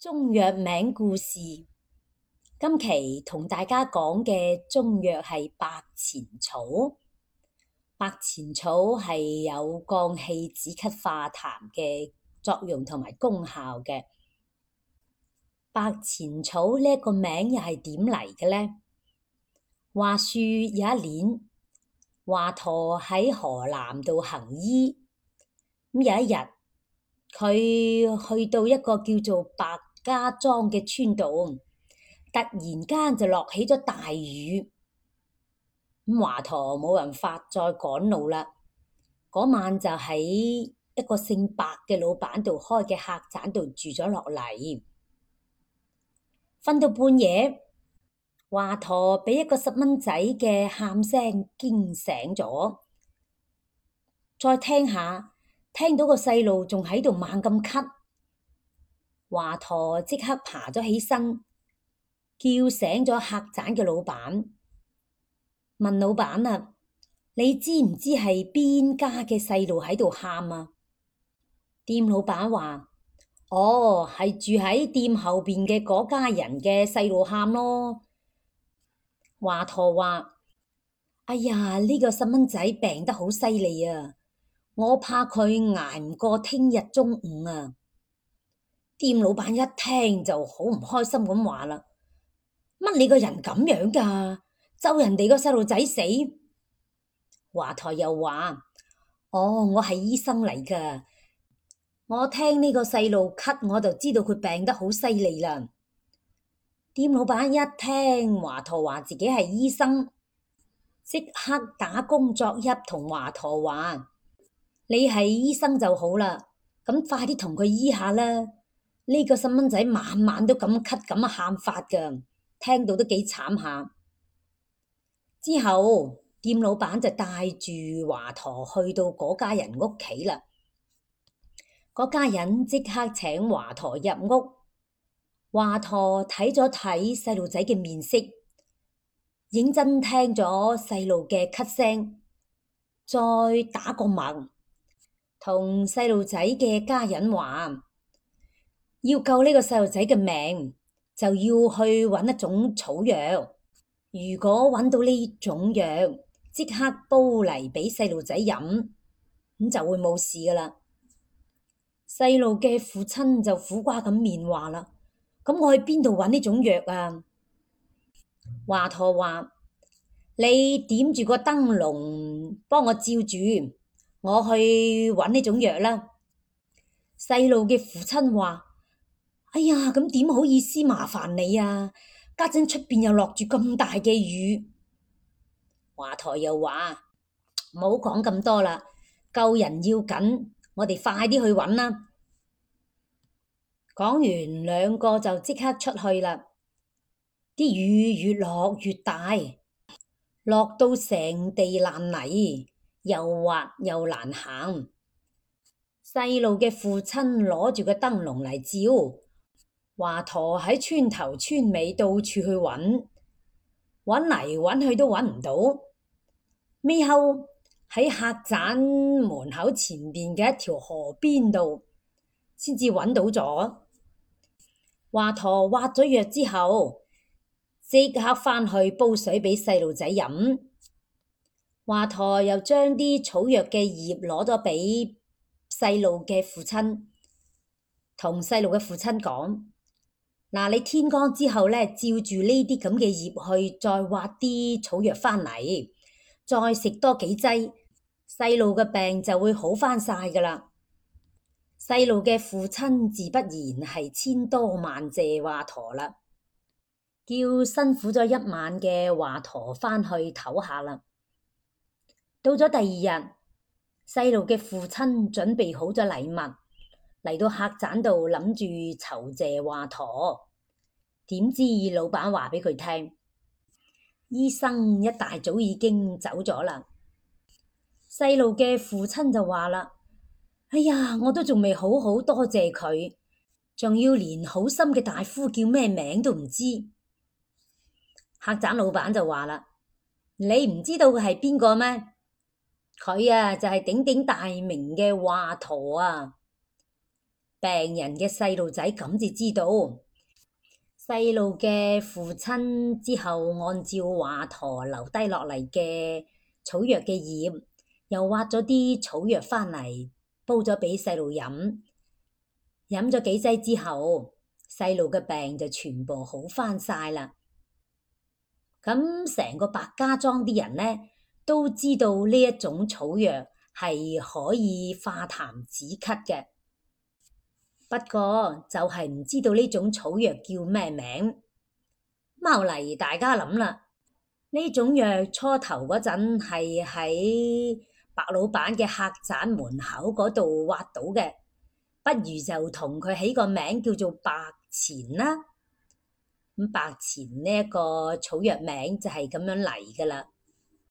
中藥名故事，今期同大家講嘅中藥係白前草。白前草係有降氣止咳化痰嘅作用同埋功效嘅。白前草呢個名又係點嚟嘅呢？話說，有一年，華佗喺河南度行醫，咁有一日，佢去到一個叫做白。家莊嘅村度，突然間就落起咗大雨。咁華佗冇辦法再趕路啦，嗰晚就喺一個姓白嘅老闆度開嘅客棧度住咗落嚟。瞓到半夜，華佗俾一個十蚊仔嘅喊聲驚醒咗，再聽下，聽到個細路仲喺度猛咁咳。華佗即刻爬咗起身，叫醒咗客棧嘅老闆，問老闆啊：，你知唔知係邊家嘅細路喺度喊啊？店老闆話：，哦，係住喺店後邊嘅嗰家人嘅細路喊咯。華佗話：，哎呀，呢個細蚊仔病得好犀利啊，我怕佢挨唔過聽日中午啊。店老闆一聽就好唔開心咁話啦：，乜你個人咁樣噶，咒人哋個細路仔死？華佗又話：，哦，我係醫生嚟噶，我聽呢個細路咳，我就知道佢病得好犀利啦。店老闆一聽華佗話自己係醫生，即刻打恭作揖同華佗話：，你係醫生就好啦，咁快啲同佢醫下啦。呢個細蚊仔晚晚都咁咳咁喊，發噶，聽到都幾慘下。之後店老闆就帶住華佗去到嗰家人屋企啦。嗰家人即刻請華佗入屋，華佗睇咗睇細路仔嘅面色，認真聽咗細路嘅咳聲，再打個問，同細路仔嘅家人話。要救呢個細路仔嘅命，就要去揾一種草藥。如果揾到呢種藥，即刻煲嚟俾細路仔飲，咁就會冇事噶啦。細路嘅父親就苦瓜咁面話啦：咁我去邊度揾呢種藥啊？華佗話：你點住個燈籠幫我照住，我去揾呢種藥啦。細路嘅父親話。哎呀，咁點好意思麻煩你啊！家陣出邊又落住咁大嘅雨，華佗又話唔好講咁多啦，救人要緊，我哋快啲去揾啦！講完兩個就即刻出去啦。啲雨越落越大，落到成地爛泥，又滑又難行。細路嘅父親攞住個燈籠嚟照。華佗喺村頭村尾到處去揾，揾嚟揾去都揾唔到，尾後喺客棧門口前面嘅一條河邊度，先至揾到咗。華佗挖咗藥之後，即刻返去煲水俾細路仔飲。華佗又將啲草藥嘅葉攞咗俾細路嘅父親，同細路嘅父親講。嗱，你天光之後呢，照住呢啲咁嘅葉去再挖啲草藥返嚟，再食多幾劑，細路嘅病就會好返曬噶啦。細路嘅父親自不然係千多萬謝華佗啦，叫辛苦咗一晚嘅華佗返去唞下啦。到咗第二日，細路嘅父親準備好咗禮物。嚟到客棧度諗住酬謝華佗，點知老闆話俾佢聽，醫生一大早已經走咗啦。細路嘅父親就話啦：，哎呀，我都仲未好好多謝佢，仲要連好心嘅大夫叫咩名都唔知。客棧老闆就話啦：，你唔知道佢係邊個咩？佢啊就係鼎鼎大名嘅華佗啊！病人嘅細路仔咁就知道，細路嘅父親之後按照華佗留低落嚟嘅草藥嘅葉，又挖咗啲草藥翻嚟煲咗俾細路飲，飲咗幾劑之後，細路嘅病就全部好翻晒啦。咁成個白家莊啲人呢，都知道呢一種草藥係可以化痰止咳嘅。不過就係、是、唔知道呢種草藥叫咩名，後嚟大家諗啦。呢種藥初頭嗰陣係喺白老闆嘅客棧門口嗰度挖到嘅，不如就同佢起個名叫做白前啦。咁白前呢一個草藥名就係咁樣嚟噶啦。